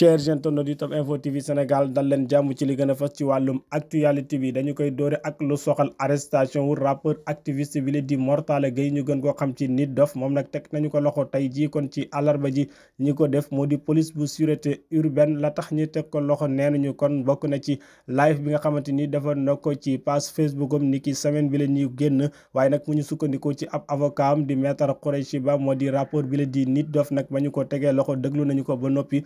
chers internautes yu Tab Info TV Sénégal dal leen jàmm ci li gën a fas ci wàllum actualité bi dañu koy doore ak lu soxal arrestation wu rappeur activiste bi la di Mor gay ñu gën koo xam ci Nit Dof moom nag teg nañu ko loxo tey jii kon ci àllarba ji ñi ko def moo di police bu sûreté urbaine la tax ñu teg ko loxo nee nañu kon bokk na ci live bi nga xamante ni dafa na ko ci page Facebook am ni ki semaine bi la ñuy génn waaye nag mu ñu sukkandikoo ci ab avocat am di maître Khoureyssi Ba moo di rappeur bi la di Nit Dof nag ba ñu ko tegee loxo déglu nañu ko ba noppi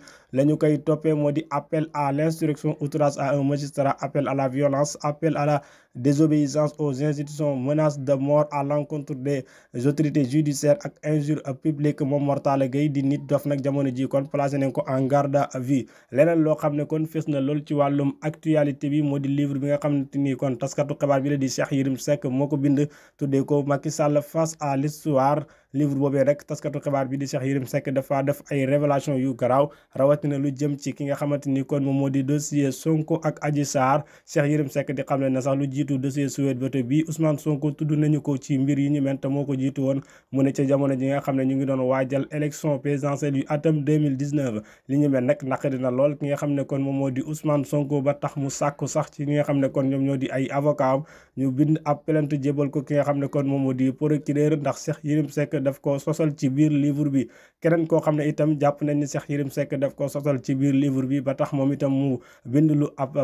topé appel à l'instruction outrage à un magistrat appel à la violence appel à la désobéissance aux institutions, menace de mort à l'encontre des autorités judiciaires et injure publique moom Mortalla Gueye di nit dof nak jamono ji kon placé nañ ko en garde à vue lénen lo xamné kon fees na lool ci walum actualité bi moo livre bi nga xamné ni kon taskatu xibaar bi le di Cheikh yirim Seck moko bind tuddé ko Macky Sall face à l'histoire livre bobé rek taskatu xibaar bi di Cheikh yirim Seck dafa def ay révélation yu garaaw rawatina lu jëm ci ki nga xamante ni kon moom moo dossier Sonko ak Adji Sarr Cheikh yirim Seck di xamné na sax lu titre de ce Sweet Beauté bi Ousmane Sonko tudd nañu ko ci mbir yi ñu mel moo ko jiitu woon mu ne ca jamono ji nga xam ne ñu ngi doon waajal élection présidentielle yu atam li ñu mel nag naqari na lool ki nga xam ne kon moom moo di Ousmane Sonko ba tax mu sàkku sax ci nga xam ne kon ñoom ñoo di ay avocat ñu bind ab plainte jébal ko ki nga xam ne kon moom moo di procureur ndax Cheikh Yérim Seck daf ko sosal ci biir livre bi koo xam ne itam jàpp nañ ni ko sosal ci biir livre bi ba tax moom itam mu bind lu ab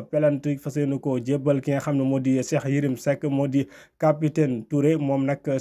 Cheikh Yérim Seck moo di capitaine Touré moom nag euh,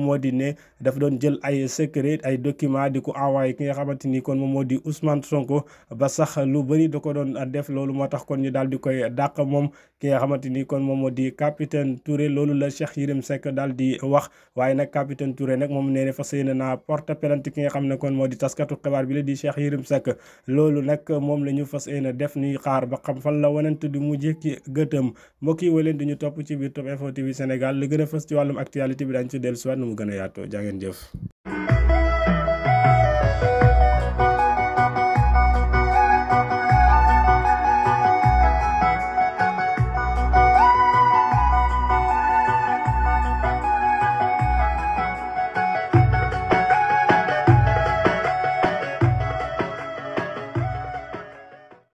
moo di ne dafa doon jël ay secret ay documents di ko envoyé ki nga xamante ni kon moom moo di Ousmane Sonko ba lu da ko doon def loolu moo tax kon ñu daal di koy dàq moom ki nga xamante ni kon moom moo di capitaine Touré loolu la Cheikh Yérim Seck daal di wax waaye nag capitaine Touré nag moom nee na fas yéene naa porte plainte ki nga xam ne kon moo di taskatu xibaar bi la di Cheikh Yérim Seck loolu nag moom la ñu fas yéene def ni xaar ba xam fan la wanant di mujjee ki gëtëm mbokk yi waleen di ñu topp ci biir Topp Info TV Sénégal li gën a fës ci wàllum actualité bi daañu ci dellusiwaat nu mu gën a yaatoo jaa jëf